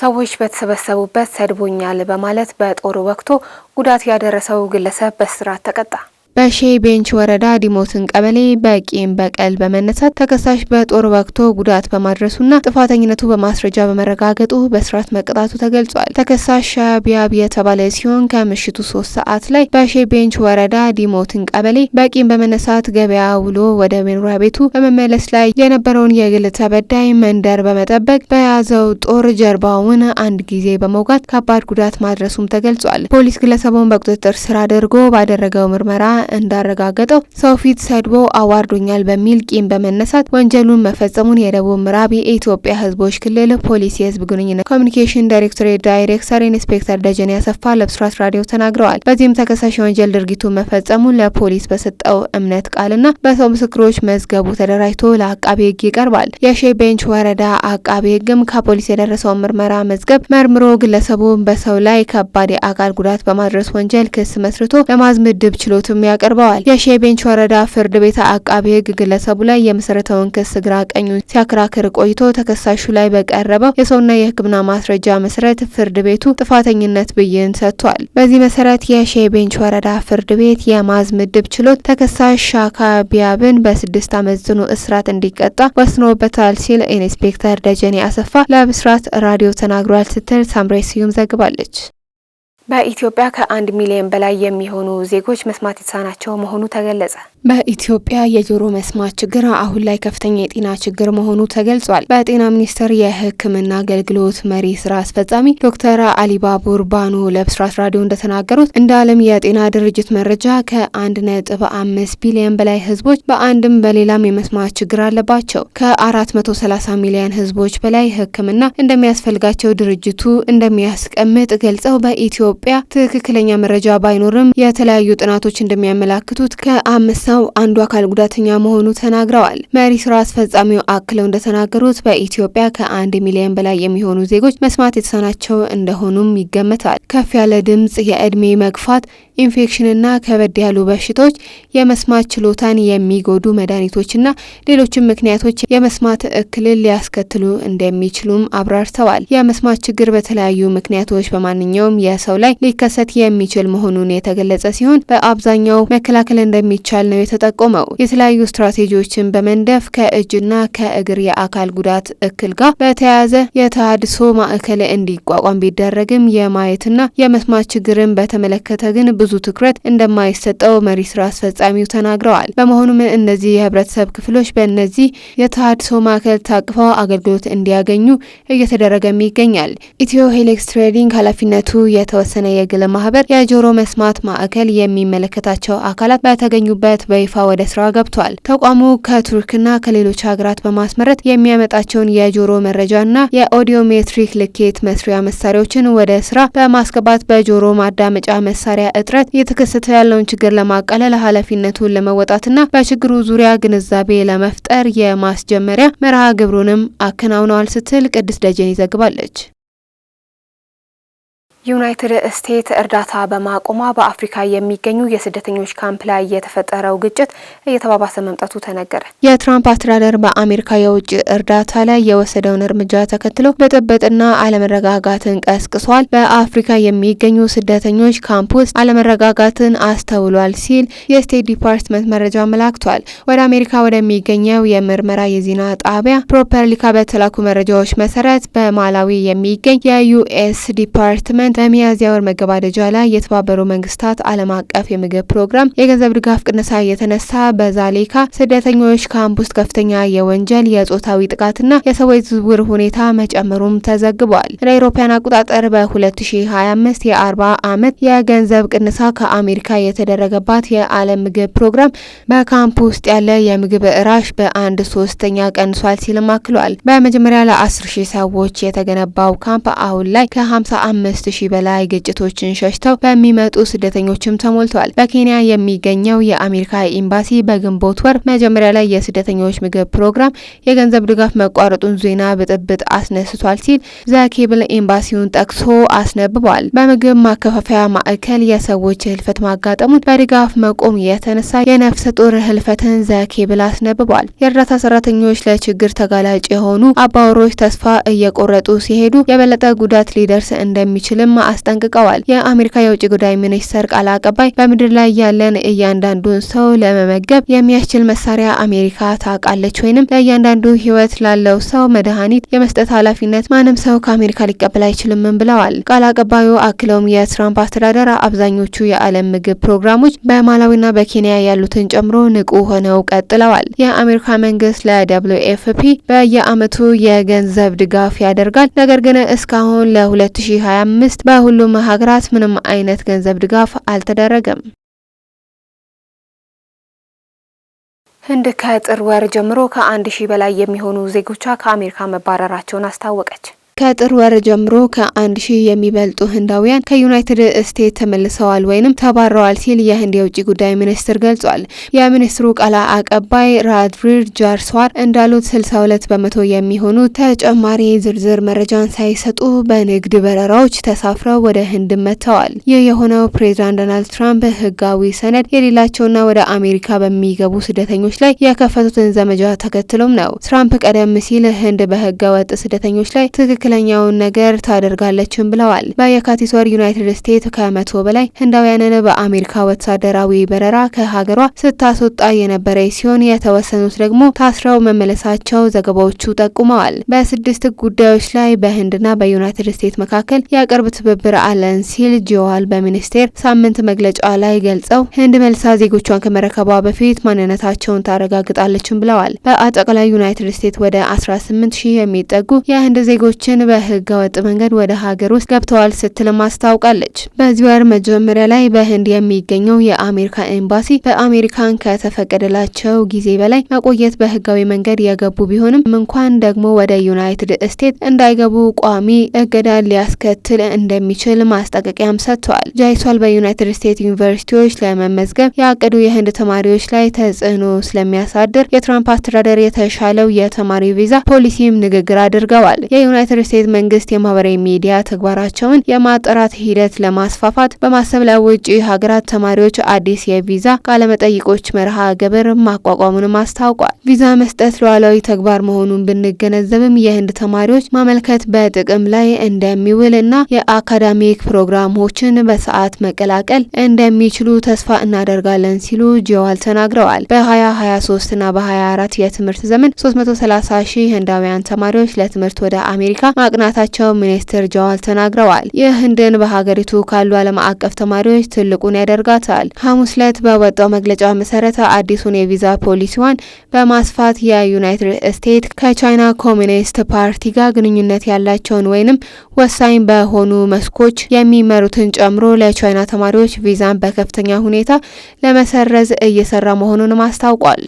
ሰዎች በተሰበሰቡበት ሰድቦኛል በማለት በጦር ወቅቶ ጉዳት ያደረሰው ግለሰብ በእስራት ተቀጣ። በሼ ቤንች ወረዳ ዲሞትን ቀበሌ በቂም በቀል በመነሳት ተከሳሽ በጦር ወቅቶ ጉዳት በማድረሱና ጥፋተኝነቱ በማስረጃ በመረጋገጡ በስርዓት መቀጣቱ ተገልጿል። ተከሳሽ ሻቢያብ የተባለ ሲሆን ከምሽቱ ሶስት ሰዓት ላይ በሼ ቤንች ወረዳ ዲሞትን ቀበሌ በቂም በመነሳት ገበያ ውሎ ወደ መኖሪያ ቤቱ በመመለስ ላይ የነበረውን የግል ተበዳይ መንደር በመጠበቅ በያዘው ጦር ጀርባውን አንድ ጊዜ በመውጋት ከባድ ጉዳት ማድረሱም ተገልጿል። ፖሊስ ግለሰቡን በቁጥጥር ስር አድርጎ ባደረገው ምርመራ እንዳረጋገጠው ሰው ፊት ሰድቦ አዋርዶኛል በሚል ቂም በመነሳት ወንጀሉን መፈጸሙን የደቡብ ምዕራብ የኢትዮጵያ ህዝቦች ክልል ፖሊስ የህዝብ ግንኙነት ኮሚኒኬሽን ዳይሬክቶሬት ዳይሬክተር ኢንስፔክተር ደጀኔ አሰፋ ለብስራት ራዲዮ ተናግረዋል። በዚህም ተከሳሽ የወንጀል ድርጊቱን መፈጸሙን ለፖሊስ በሰጠው እምነት ቃልና በሰው ምስክሮች መዝገቡ ተደራጅቶ ለአቃቤ ሕግ ይቀርባል። የሼ ቤንች ወረዳ አቃቤ ህግም ከፖሊስ የደረሰውን ምርመራ መዝገብ መርምሮ ግለሰቡን በሰው ላይ ከባድ የአካል ጉዳት በማድረስ ወንጀል ክስ መስርቶ ለማዝምድብ ችሎትም ያቀርበዋል። የሼቤንች ወረዳ ፍርድ ቤት አቃቢ ህግ ግለሰቡ ላይ የመሰረተውን ክስ ግራ ቀኙን ሲያከራክር ቆይቶ ተከሳሹ ላይ በቀረበው የሰውና የሕክምና ማስረጃ መሰረት ፍርድ ቤቱ ጥፋተኝነት ብይን ሰጥቷል። በዚህ መሰረት የሼቤንች ወረዳ ፍርድ ቤት የማዝ ምድብ ችሎት ተከሳሽ ሻካ ቢያብን በስድስት አመት ጽኑ እስራት እንዲቀጣ ወስኖበታል ሲል ኢንስፔክተር ደጀኔ አሰፋ ለብስራት ራዲዮ ተናግሯል ስትል ሳምሬ ስዩም ዘግባለች። በኢትዮጵያ ከአንድ ሚሊዮን በላይ የሚሆኑ ዜጎች መስማት የተሳናቸው መሆኑ ተገለጸ። በኢትዮጵያ የጆሮ መስማት ችግር አሁን ላይ ከፍተኛ የጤና ችግር መሆኑ ተገልጿል። በጤና ሚኒስቴር የሕክምና አገልግሎት መሪ ስራ አስፈጻሚ ዶክተር አሊባቡር ባኖ ለብስራት ራዲዮ እንደተናገሩት እንደ ዓለም የጤና ድርጅት መረጃ ከአንድ ነጥብ አምስት ቢሊዮን በላይ ሕዝቦች በአንድም በሌላም የመስማት ችግር አለባቸው። ከአራት መቶ ሰላሳ ሚሊዮን ሕዝቦች በላይ ሕክምና እንደሚያስፈልጋቸው ድርጅቱ እንደሚያስቀምጥ ገልጸው በኢትዮ ኢትዮጵያ ትክክለኛ መረጃ ባይኖርም የተለያዩ ጥናቶች እንደሚያመላክቱት ከአምስት ሰው አንዱ አካል ጉዳተኛ መሆኑ ተናግረዋል። መሪ ስራ አስፈጻሚው አክለው እንደተናገሩት በኢትዮጵያ ከአንድ ሚሊዮን በላይ የሚሆኑ ዜጎች መስማት የተሳናቸው እንደሆኑም ይገመታል። ከፍ ያለ ድምጽ፣ የእድሜ መግፋት፣ ኢንፌክሽንና ከበድ ያሉ በሽታዎች፣ የመስማት ችሎታን የሚጎዱ መድኃኒቶችና ሌሎችም ምክንያቶች የመስማት እክልን ሊያስከትሉ እንደሚችሉም አብራርተዋል። የመስማት ችግር በተለያዩ ምክንያቶች በማንኛውም የሰው ላይ ሊከሰት የሚችል መሆኑን የተገለጸ ሲሆን በአብዛኛው መከላከል እንደሚቻል ነው የተጠቆመው። የተለያዩ ስትራቴጂዎችን በመንደፍ ከእጅና ከእግር የአካል ጉዳት እክል ጋር በተያያዘ የተሃድሶ ማዕከል እንዲቋቋም ቢደረግም የማየትና የመስማት ችግርን በተመለከተ ግን ብዙ ትኩረት እንደማይሰጠው መሪ ስራ አስፈጻሚው ተናግረዋል። በመሆኑም እነዚህ የህብረተሰብ ክፍሎች በእነዚህ የተሃድሶ ማዕከል ታቅፈው አገልግሎት እንዲያገኙ እየተደረገም ይገኛል። ኢትዮ ሄሌክስ ትሬዲንግ ኃላፊነቱ የተወሰ የተወሰነ የግል ማህበር የጆሮ መስማት ማዕከል የሚመለከታቸው አካላት በተገኙበት በይፋ ወደ ስራ ገብቷል። ተቋሙ ከቱርክና ከሌሎች ሀገራት በማስመረት የሚያመጣቸውን የጆሮ መረጃና የኦዲዮ የኦዲዮሜትሪክ ልኬት መስሪያ መሳሪያዎችን ወደ ስራ በማስገባት በጆሮ ማዳመጫ መሳሪያ እጥረት እየተከሰተ ያለውን ችግር ለማቃለል ኃላፊነቱን ለመወጣትና በችግሩ ዙሪያ ግንዛቤ ለመፍጠር የማስጀመሪያ መርሃ ግብሩንም አከናውነዋል ስትል ቅድስት ደጀን ይዘግባለች። ዩናይትድ ስቴትስ እርዳታ በማቆሟ በአፍሪካ የሚገኙ የስደተኞች ካምፕ ላይ የተፈጠረው ግጭት እየተባባሰ መምጣቱ ተነገረ። የትራምፕ አስተዳደር በአሜሪካ የውጭ እርዳታ ላይ የወሰደውን እርምጃ ተከትሎ ብጥብጥና አለመረጋጋትን ቀስቅሷል። በአፍሪካ የሚገኙ ስደተኞች ካምፕ ውስጥ አለመረጋጋትን አስተውሏል ሲል የስቴት ዲፓርትመንት መረጃ አመላክቷል። ወደ አሜሪካ ወደሚገኘው የምርመራ የዜና ጣቢያ ፕሮፐርሊካ በተላኩ መረጃዎች መሰረት በማላዊ የሚገኝ የዩኤስ ዲፓርትመንት በሚያዝያ ወር መገባደጃ ላይ የተባበሩ መንግስታት ዓለም አቀፍ የምግብ ፕሮግራም የገንዘብ ድጋፍ ቅነሳ የተነሳ በዛሌካ ስደተኞች ካምፕ ውስጥ ከፍተኛ የወንጀል የጾታዊ ጥቃትና የሰዎች ዝውውር ሁኔታ መጨመሩም ተዘግቧል። እንደ አውሮፓውያን አቆጣጠር በ2025 የ40 ዓመት የገንዘብ ቅነሳ ከአሜሪካ የተደረገባት የዓለም ምግብ ፕሮግራም በካምፕ ውስጥ ያለ የምግብ እራሽ በአንድ ሶስተኛ ቀንሷል ሲልም አክሏል። በመጀመሪያ ለ10 ሺህ ሰዎች የተገነባው ካምፕ አሁን ላይ ከ55 ሺህ በላይ ግጭቶችን ሸሽተው በሚመጡ ስደተኞችም ተሞልቷል። በኬንያ የሚገኘው የአሜሪካ ኤምባሲ በግንቦት ወር መጀመሪያ ላይ የስደተኞች ምግብ ፕሮግራም የገንዘብ ድጋፍ መቋረጡን ዜና ብጥብጥ አስነስቷል ሲል ዘኬብል ኤምባሲውን ጠቅሶ አስነብቧል። በምግብ ማከፋፈያ ማዕከል የሰዎች ህልፈት ማጋጠሙን በድጋፍ መቆም የተነሳ የነፍሰ ጡር ህልፈትን ዘኬብል አስነብቧል። የእርዳታ ሰራተኞች ለችግር ተጋላጭ የሆኑ አባወሮች ተስፋ እየቆረጡ ሲሄዱ የበለጠ ጉዳት ሊደርስ እንደሚችልም ለማ አስጠንቅቀዋል። የአሜሪካ የውጭ ጉዳይ ሚኒስተር ቃል አቀባይ በምድር ላይ ያለን እያንዳንዱን ሰው ለመመገብ የሚያስችል መሳሪያ አሜሪካ ታውቃለች፣ ወይንም ለእያንዳንዱ ህይወት ላለው ሰው መድኃኒት የመስጠት ኃላፊነት ማንም ሰው ከአሜሪካ ሊቀበል አይችልምም ብለዋል። ቃል አቀባዩ አክለውም የትራምፕ አስተዳደር አብዛኞቹ የዓለም ምግብ ፕሮግራሞች በማላዊና በኬንያ ያሉትን ጨምሮ ንቁ ሆነው ቀጥለዋል። የአሜሪካ መንግስት ለደብሊዩ ኤፍፒ በየአመቱ የገንዘብ ድጋፍ ያደርጋል። ነገር ግን እስካሁን ለ2025 በሁሉም ሀገራት ምንም አይነት ገንዘብ ድጋፍ አልተደረገም። ህንድ ከጥር ወር ጀምሮ ከአንድ ሺህ በላይ የሚሆኑ ዜጎቿ ከአሜሪካ መባረራቸውን አስታወቀች። ከጥር ወር ጀምሮ ከአንድ ሺህ የሚበልጡ ህንዳውያን ከዩናይትድ ስቴትስ ተመልሰዋል ወይም ተባረዋል ሲል የህንድ የውጭ ጉዳይ ሚኒስትር ገልጿል። የሚኒስትሩ ቃል አቀባይ ራድቪር ጃርሷር እንዳሉት 62 በመቶ የሚሆኑ ተጨማሪ ዝርዝር መረጃን ሳይሰጡ በንግድ በረራዎች ተሳፍረው ወደ ህንድ መጥተዋል። ይህ የሆነው ፕሬዚዳንት ዶናልድ ትራምፕ ህጋዊ ሰነድ የሌላቸውና ወደ አሜሪካ በሚገቡ ስደተኞች ላይ የከፈቱትን ዘመቻ ተከትሎም ነው። ትራምፕ ቀደም ሲል ህንድ በህገ ወጥ ስደተኞች ላይ ትክክል ትክክለኛውን ነገር ታደርጋለችም ብለዋል። በየካቲት ወር ዩናይትድ ስቴትስ ከመቶ በላይ ህንዳውያንን በአሜሪካ ወታደራዊ በረራ ከሀገሯ ስታስወጣ የነበረች ሲሆን የተወሰኑት ደግሞ ታስረው መመለሳቸው ዘገባዎቹ ጠቁመዋል። በስድስት ጉዳዮች ላይ በህንድና በዩናይትድ ስቴትስ መካከል የቅርብ ትብብር አለን ሲል ጂዋል በሚኒስቴር ሳምንት መግለጫ ላይ ገልጸው ህንድ መልሳ ዜጎቿን ከመረከቧ በፊት ማንነታቸውን ታረጋግጣለችም ብለዋል። በአጠቃላይ ዩናይትድ ስቴትስ ወደ 18 ሺህ የሚጠጉ የህንድ ዜጎችን ግን በህገ ወጥ መንገድ ወደ ሀገር ውስጥ ገብተዋል ስትልም አስታውቃለች። በዚህ ወር መጀመሪያ ላይ በህንድ የሚገኘው የአሜሪካ ኤምባሲ በአሜሪካን ከተፈቀደላቸው ጊዜ በላይ መቆየት በህጋዊ መንገድ የገቡ ቢሆንም እንኳን ደግሞ ወደ ዩናይትድ ስቴትስ እንዳይገቡ ቋሚ እገዳ ሊያስከትል እንደሚችል ማስጠንቀቂያም ሰጥተዋል። ጃይሷል በዩናይትድ ስቴትስ ዩኒቨርሲቲዎች ለመመዝገብ ያቀዱ የህንድ ተማሪዎች ላይ ተጽዕኖ ስለሚያሳድር የትራምፕ አስተዳደር የተሻለው የተማሪ ቪዛ ፖሊሲም ንግግር አድርገዋል። የዩናይትድ ስቴት መንግስት የማህበራዊ ሚዲያ ተግባራቸውን የማጥራት ሂደት ለማስፋፋት በማሰብ ለውጭ ሀገራት ተማሪዎች አዲስ የቪዛ ቃለመጠይቆች መርሃ ግብር ማቋቋሙንም አስታውቋል። ቪዛ መስጠት ሉዓላዊ ተግባር መሆኑን ብንገነዘብም የህንድ ተማሪዎች ማመልከት በጥቅም ላይ እንደሚውል እና የአካዳሚክ ፕሮግራሞችን በሰዓት መቀላቀል እንደሚችሉ ተስፋ እናደርጋለን ሲሉ ጂዋል ተናግረዋል። በ2023 እና በ24 የትምህርት ዘመን 330 ሺህ ህንዳውያን ተማሪዎች ለትምህርት ወደ አሜሪካ ማቅናታቸው ሚኒስትር ጀዋል ተናግረዋል። ይህ በሀገሪቱ ካሉ ዓለም አቀፍ ተማሪዎች ትልቁን ያደርጋታል። ሐሙስ ዕለት በወጣው መግለጫ መሰረት አዲሱን የቪዛ ፖሊሲዋን በማስፋት የዩናይትድ ስቴትስ ከቻይና ኮሚኒስት ፓርቲ ጋር ግንኙነት ያላቸውን ወይንም ወሳኝ በሆኑ መስኮች የሚመሩትን ጨምሮ ለቻይና ተማሪዎች ቪዛን በከፍተኛ ሁኔታ ለመሰረዝ እየሰራ መሆኑንም አስታውቋል።